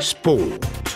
Sport.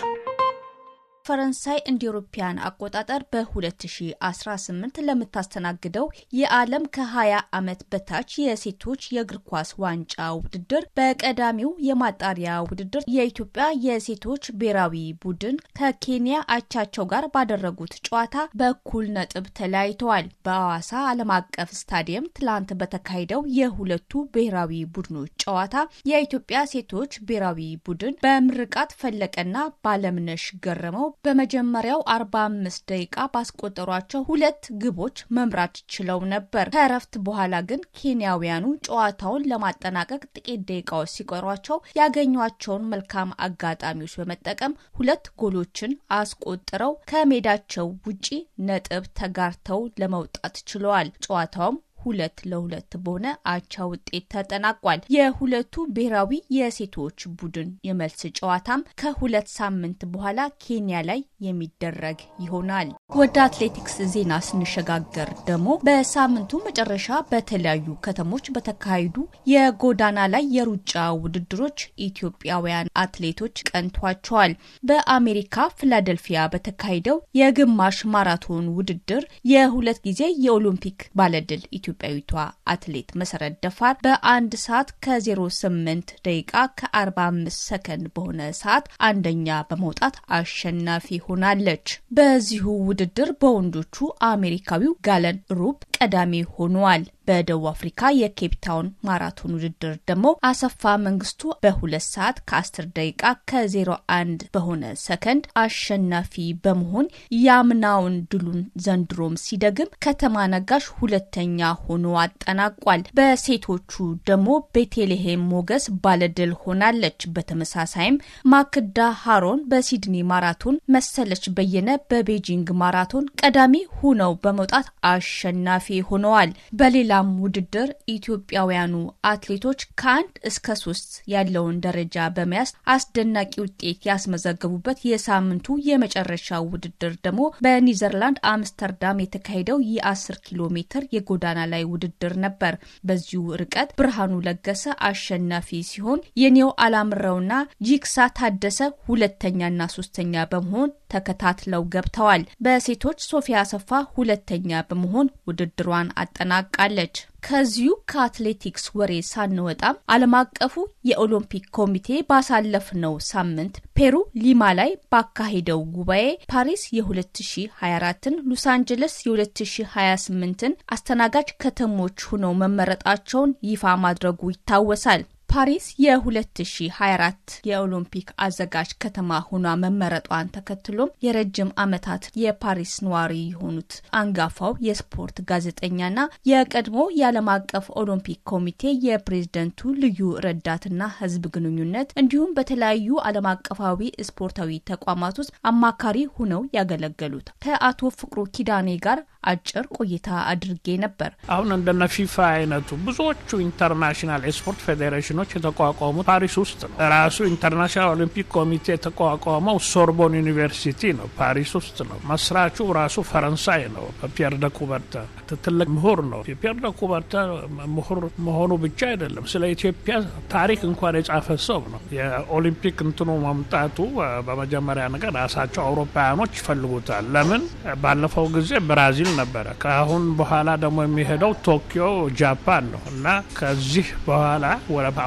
ፈረንሳይ እንደ አውሮፓውያን አቆጣጠር በ2018 ለምታስተናግደው የዓለም ከ20 ዓመት በታች የሴቶች የእግር ኳስ ዋንጫ ውድድር በቀዳሚው የማጣሪያ ውድድር የኢትዮጵያ የሴቶች ብሔራዊ ቡድን ከኬንያ አቻቸው ጋር ባደረጉት ጨዋታ በኩል ነጥብ ተለያይተዋል። በአዋሳ ዓለም አቀፍ ስታዲየም ትላንት በተካሄደው የሁለቱ ብሔራዊ ቡድኖች ጨዋታ የኢትዮጵያ ሴቶች ብሔራዊ ቡድን በምርቃት ፈለቀና ባለምነሽ ገረመው በመጀመሪያው 45 ደቂቃ ባስቆጠሯቸው ሁለት ግቦች መምራት ችለው ነበር። ከእረፍት በኋላ ግን ኬንያውያኑ ጨዋታውን ለማጠናቀቅ ጥቂት ደቂቃዎች ሲቀሯቸው ያገኟቸውን መልካም አጋጣሚዎች በመጠቀም ሁለት ጎሎችን አስቆጥረው ከሜዳቸው ውጪ ነጥብ ተጋርተው ለመውጣት ችለዋል። ጨዋታውም ሁለት ለሁለት በሆነ አቻ ውጤት ተጠናቋል። የሁለቱ ብሔራዊ የሴቶች ቡድን የመልስ ጨዋታም ከሁለት ሳምንት በኋላ ኬንያ ላይ የሚደረግ ይሆናል። ወደ አትሌቲክስ ዜና ስንሸጋገር ደግሞ በሳምንቱ መጨረሻ በተለያዩ ከተሞች በተካሄዱ የጎዳና ላይ የሩጫ ውድድሮች ኢትዮጵያውያን አትሌቶች ቀንቷቸዋል። በአሜሪካ ፊላደልፊያ በተካሄደው የግማሽ ማራቶን ውድድር የሁለት ጊዜ የኦሎምፒክ ባለድል ኢትዮ ኢትዮጵያዊቷ አትሌት መሰረት ደፋር በአንድ ሰዓት ከ08 ደቂቃ ከ45 ሰከንድ በሆነ ሰዓት አንደኛ በመውጣት አሸናፊ ሆናለች። በዚሁ ውድድር በወንዶቹ አሜሪካዊው ጋለን ሩብ ቀዳሚ ሆኗል። በደቡብ አፍሪካ የኬፕታውን ማራቶን ውድድር ደግሞ አሰፋ መንግስቱ በሁለት ሰዓት ከአስር ደቂቃ ከ01 በሆነ ሰከንድ አሸናፊ በመሆን ያምናውን ድሉን ዘንድሮም ሲደግም ከተማ ነጋሽ ሁለተኛ ሆኖ አጠናቋል። በሴቶቹ ደግሞ ቤቴልሄም ሞገስ ባለድል ሆናለች። በተመሳሳይም ማክዳ ሃሮን በሲድኒ ማራቶን፣ መሰለች በየነ በቤጂንግ ማራቶን ቀዳሚ ሆነው በመውጣት አሸናፊ ሆነዋል። በሌላ በሲላም ውድድር ኢትዮጵያውያኑ አትሌቶች ከአንድ እስከ ሶስት ያለውን ደረጃ በመያዝ አስደናቂ ውጤት ያስመዘገቡበት የሳምንቱ የመጨረሻ ውድድር ደግሞ በኒዘርላንድ አምስተርዳም የተካሄደው የአስር ኪሎ ሜትር የጎዳና ላይ ውድድር ነበር። በዚሁ ርቀት ብርሃኑ ለገሰ አሸናፊ ሲሆን የኔው አላምረውና ጂክሳ ታደሰ ሁለተኛና ሶስተኛ በመሆን ተከታትለው ገብተዋል። በሴቶች ሶፊያ አሰፋ ሁለተኛ በመሆን ውድድሯን አጠናቃለች። ከዚሁ ከአትሌቲክስ ወሬ ሳንወጣም ዓለም አቀፉ የኦሎምፒክ ኮሚቴ ባሳለፍነው ሳምንት ፔሩ ሊማ ላይ ባካሄደው ጉባኤ ፓሪስ የ2024ን ሎስ አንጀለስ የ2028ን አስተናጋጅ ከተሞች ሆነው መመረጣቸውን ይፋ ማድረጉ ይታወሳል። ፓሪስ የ2024 የኦሎምፒክ አዘጋጅ ከተማ ሆኗ መመረጧን ተከትሎም የረጅም ዓመታት የፓሪስ ነዋሪ የሆኑት አንጋፋው የስፖርት ጋዜጠኛና የቀድሞ የዓለም አቀፍ ኦሎምፒክ ኮሚቴ የፕሬዝደንቱ ልዩ ረዳትና ሕዝብ ግንኙነት እንዲሁም በተለያዩ ዓለም አቀፋዊ ስፖርታዊ ተቋማት ውስጥ አማካሪ ሆነው ያገለገሉት ከአቶ ፍቅሩ ኪዳኔ ጋር አጭር ቆይታ አድርጌ ነበር። አሁን እንደነ ፊፋ አይነቱ ብዙዎቹ ኢንተርናሽናል የስፖርት ፌዴሬሽኖች ጀርመኖች የተቋቋሙ ፓሪስ ውስጥ ነው። ራሱ ኢንተርናሽናል ኦሊምፒክ ኮሚቴ የተቋቋመው ሶርቦን ዩኒቨርሲቲ ነው፣ ፓሪስ ውስጥ ነው። መስራቹ ራሱ ፈረንሳይ ነው፣ ፒየር ደ ኩበርተ ትልቅ ምሁር ነው። ፒየር ደ ኩበርተ ምሁር መሆኑ ብቻ አይደለም፣ ስለ ኢትዮጵያ ታሪክ እንኳን የጻፈ ሰው ነው። የኦሊምፒክ እንትኑ መምጣቱ በመጀመሪያ ነገር ራሳቸው አውሮፓውያኖች ይፈልጉታል። ለምን ባለፈው ጊዜ ብራዚል ነበረ፣ ከአሁን በኋላ ደግሞ የሚሄደው ቶኪዮ ጃፓን ነው እና ከዚህ በኋላ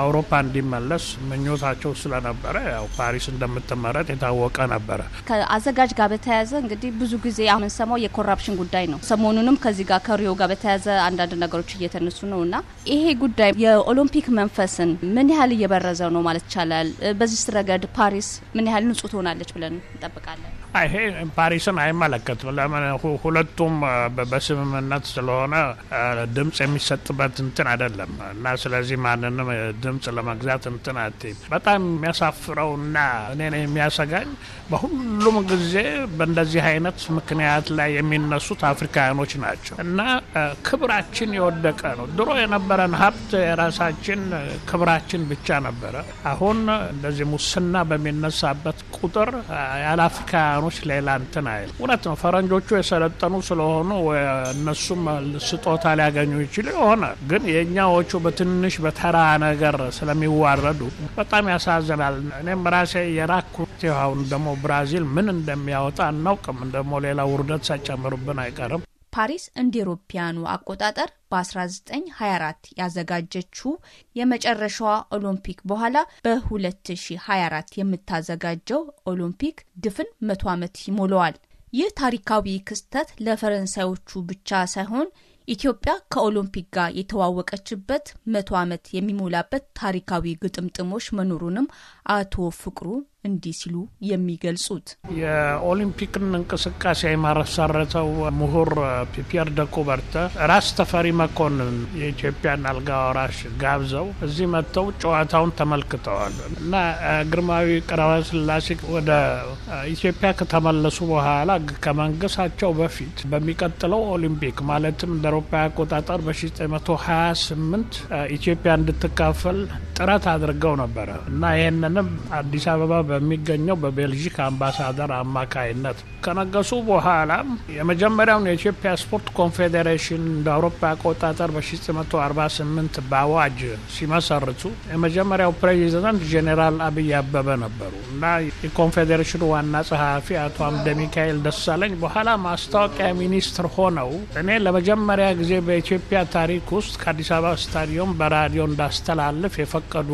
አውሮፓ እንዲመለስ ምኞታቸው ስለነበረ ያው ፓሪስ እንደምትመረጥ የታወቀ ነበረ። ከአዘጋጅ ጋር በተያያዘ እንግዲህ ብዙ ጊዜ የምንሰማው የኮራፕሽን ጉዳይ ነው። ሰሞኑንም ከዚህ ጋር ከሪዮ ጋር በተያያዘ አንዳንድ ነገሮች እየተነሱ ነው እና ይሄ ጉዳይ የኦሎምፒክ መንፈስን ምን ያህል እየበረዘ ነው ማለት ይቻላል? በዚህ ረገድ ፓሪስ ምን ያህል ንጹህ ትሆናለች ብለን እንጠብቃለን? ይሄ ፓሪስን አይመለከትም። ለምን ሁለቱም በስምምነት ስለሆነ ድምጽ የሚሰጥበት እንትን አይደለም እና ስለዚህ ማንንም ድምፅ ለመግዛት እንትን አትይም። በጣም የሚያሳፍረውና እኔ የሚያሰጋኝ በሁሉም ጊዜ በእንደዚህ አይነት ምክንያት ላይ የሚነሱት አፍሪካውያኖች ናቸው እና ክብራችን የወደቀ ነው። ድሮ የነበረን ሀብት የራሳችን ክብራችን ብቻ ነበረ። አሁን እንደዚህ ሙስና በሚነሳበት ቁጥር ያለ አፍሪካውያኖች ሌላ እንትን አይል። እውነት ነው ፈረንጆቹ የሰለጠኑ ስለሆኑ እነሱም ስጦታ ሊያገኙ ይችል ሆነ ግን የእኛዎቹ በትንሽ በተራ ነገር ስለሚዋረዱ በጣም ያሳዝናል። እኔም ራሴ የራኩ አሁን ደግሞ ብራዚል ምን እንደሚያወጣ እናውቅም። ደግሞ ሌላ ውርደት ሳይጨምርብን አይቀርም። ፓሪስ እንደ ኤሮፒያኑ አቆጣጠር በ1924 ያዘጋጀችው የመጨረሻዋ ኦሎምፒክ በኋላ በ2024 የምታዘጋጀው ኦሎምፒክ ድፍን መቶ ዓመት ይሞላዋል። ይህ ታሪካዊ ክስተት ለፈረንሳዮቹ ብቻ ሳይሆን ኢትዮጵያ ከኦሎምፒክ ጋር የተዋወቀችበት መቶ ዓመት የሚሞላበት ታሪካዊ ግጥምጥሞች መኖሩንም አቶ ፍቅሩ እንዲህ ሲሉ የሚገልጹት የኦሊምፒክን እንቅስቃሴ የማረሳረተው ምሁር ፒፒር ደኩበርተ ራስ ተፈሪ መኮንን የኢትዮጵያን አልጋ ወራሽ ጋብዘው እዚህ መጥተው ጨዋታውን ተመልክተዋል እና ግርማዊ ቀዳማዊ ስላሴ ወደ ኢትዮጵያ ከተመለሱ በኋላ ከመንግስታቸው በፊት በሚቀጥለው ኦሊምፒክ ማለትም እንደ አውሮፓ አቆጣጠር በ1928 ኢትዮጵያ እንድትካፈል ጥረት አድርገው ነበረ እና ይህንንም አዲስ አበባ በሚገኘው በቤልጂክ አምባሳደር አማካይነት ከነገሱ በኋላ የመጀመሪያውን የኢትዮጵያ ስፖርት ኮንፌዴሬሽን እንደ አውሮፓ አቆጣጠር በ1948 በአዋጅ ሲመሰርቱ የመጀመሪያው ፕሬዚደንት ጄኔራል አብይ አበበ ነበሩ እና የኮንፌዴሬሽኑ ዋና ጸሐፊ አቶ አምደ ሚካኤል ደሳለኝ በኋላ ማስታወቂያ ሚኒስትር ሆነው እኔ ለመጀመሪያ ጊዜ በኢትዮጵያ ታሪክ ውስጥ ከአዲስ አበባ ስታዲየም በራዲዮ እንዳስተላልፍ የፈቀዱ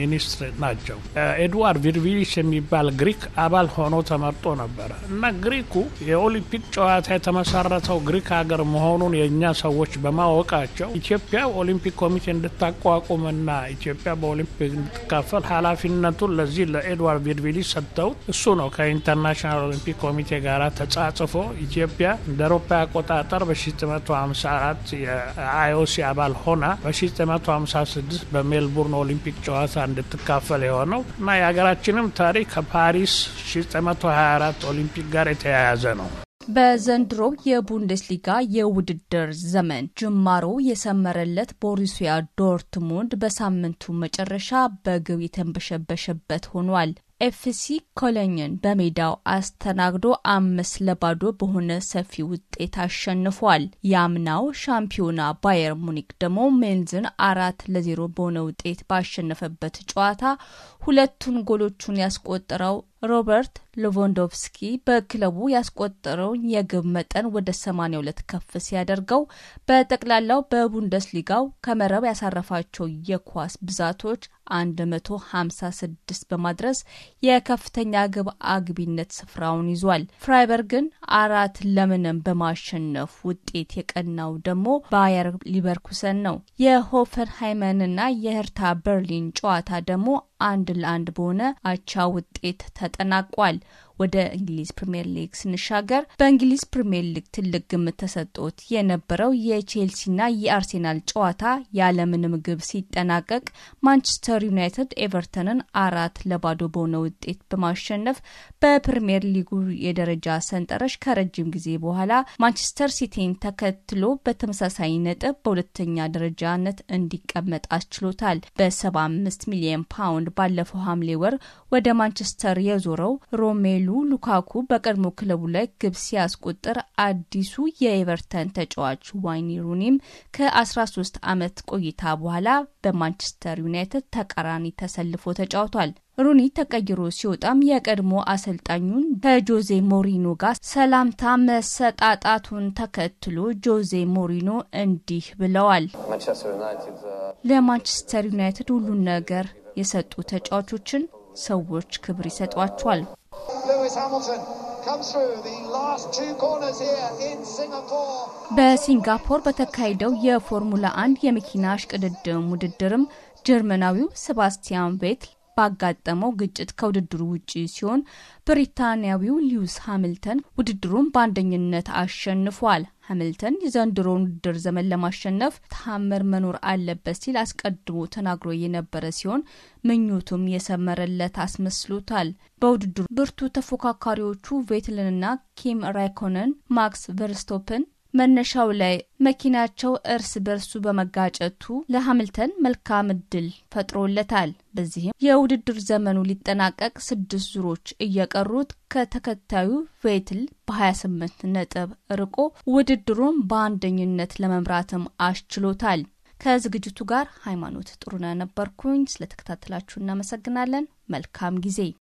ሚኒስትር ናቸው። ኤድዋርድ ቪርቪሊስ የሚባል ግሪክ አባል ሆኖ ተመርጦ ነበረ እና ግሪኩ የኦሊምፒክ ጨዋታ የተመሰረተው ግሪክ ሀገር መሆኑን የእኛ ሰዎች በማወቃቸው ኢትዮጵያ ኦሊምፒክ ኮሚቴ እንድታቋቁምና ኢትዮጵያ በኦሊምፒክ እንድትካፈል ኃላፊነቱን ለዚህ ለኤድዋርድ ቪድቪሊ ሰጥተውት እሱ ነው ከኢንተርናሽናል ኦሊምፒክ ኮሚቴ ጋር ተጻጽፎ ኢትዮጵያ እንደ አውሮፓ አቆጣጠር በ1954 የአይኦሲ አባል ሆና በ1956 በሜልቡርን ኦሊምፒክ ጨዋታ እንድትካፈል የሆነው እና የሀገራችንም ታሪክ ከፓሪስ 1924 ኦሊምፒክ ጋር የተያያዘ ነው። በዘንድሮ የቡንደስሊጋ የውድድር ዘመን ጅማሮ የሰመረለት ቦሩሲያ ዶርትሙንድ በሳምንቱ መጨረሻ በግብ የተንበሸበሸበት ሆኗል። ኤፍሲ ኮሎኝን በሜዳው አስተናግዶ አምስት ለባዶ በሆነ ሰፊ ውጤት አሸንፏል። የአምናው ሻምፒዮና ባየር ሙኒክ ደግሞ ሜንዝን አራት ለዜሮ በሆነ ውጤት ባሸነፈበት ጨዋታ ሁለቱን ጎሎቹን ያስቆጠረው ሮበርት ሌቫንዶቭስኪ በክለቡ ያስቆጠረውን የግብ መጠን ወደ 82 ከፍ ሲያደርገው በጠቅላላው በቡንደስሊጋው ከመረብ ያሳረፋቸው የኳስ ብዛቶች 156 በማድረስ የከፍተኛ ግብ አግቢነት ስፍራውን ይዟል። ፍራይበርግን አራት ለምንም በማሸነፍ ውጤት የቀናው ደግሞ ባየር ሊቨርኩሰን ነው። የሆፈንሃይመንና የህርታ በርሊን ጨዋታ ደግሞ አንድ ለአንድ በሆነ አቻ ውጤት ተጠናቋል። ወደ እንግሊዝ ፕሪምየር ሊግ ስንሻገር በእንግሊዝ ፕሪምየር ሊግ ትልቅ ግምት ተሰጥቶት የነበረው የቼልሲና የአርሴናል ጨዋታ ያለምንም ግብ ሲጠናቀቅ ማንቸስተር ዩናይትድ ኤቨርተንን አራት ለባዶ በሆነ ውጤት በማሸነፍ በፕሪምየር ሊጉ የደረጃ ሰንጠረዥ ከረጅም ጊዜ በኋላ ማንቸስተር ሲቲን ተከትሎ በተመሳሳይ ነጥብ በሁለተኛ ደረጃነት እንዲቀመጥ አስችሎታል። በ75 ሚሊዮን ፓውንድ ባለፈው ሐምሌ ወር ወደ ማንቸስተር የዞረው ሮሜሉ ሉካኩ በቀድሞ ክለቡ ላይ ግብ ሲያስቆጥር አዲሱ የኤቨርተን ተጫዋች ዋይኒ ሩኒም ከ13 ዓመት ቆይታ በኋላ በማንቸስተር ዩናይትድ ተቃራኒ ተሰልፎ ተጫውቷል። ሩኒ ተቀይሮ ሲወጣም የቀድሞ አሰልጣኙን ከጆዜ ሞሪኖ ጋር ሰላምታ መሰጣጣቱን ተከትሎ ጆዜ ሞሪኖ እንዲህ ብለዋል። ለማንቸስተር ዩናይትድ ሁሉን ነገር የሰጡ ተጫዋቾችን ሰዎች ክብር ይሰጧቸዋል። በሲንጋፖር በተካሄደው የፎርሙላ አንድ የመኪና እሽቅድድም ውድድርም ጀርመናዊው ሴባስቲያን ቬትል ባጋጠመው ግጭት ከውድድሩ ውጪ ሲሆን ብሪታንያዊው ሊዩስ ሃሚልተን ውድድሩን በአንደኝነት አሸንፏል። ሃሚልተን የዘንድሮውን ውድድር ዘመን ለማሸነፍ ተአምር መኖር አለበት ሲል አስቀድሞ ተናግሮ የነበረ ሲሆን ምኞቱም የሰመረለት አስመስሎታል። በውድድሩ ብርቱ ተፎካካሪዎቹ ቬትልንና ኪም ራይኮነን፣ ማክስ ቨርስቶፕን መነሻው ላይ መኪናቸው እርስ በርሱ በመጋጨቱ ለሃምልተን መልካም እድል ፈጥሮለታል። በዚህም የውድድር ዘመኑ ሊጠናቀቅ ስድስት ዙሮች እየቀሩት ከተከታዩ ቬትል በ28 ነጥብ ርቆ ውድድሩን በአንደኝነት ለመምራትም አስችሎታል። ከዝግጅቱ ጋር ሃይማኖት ጥሩነህ ነበርኩኝ። ስለተከታተላችሁ እናመሰግናለን። መልካም ጊዜ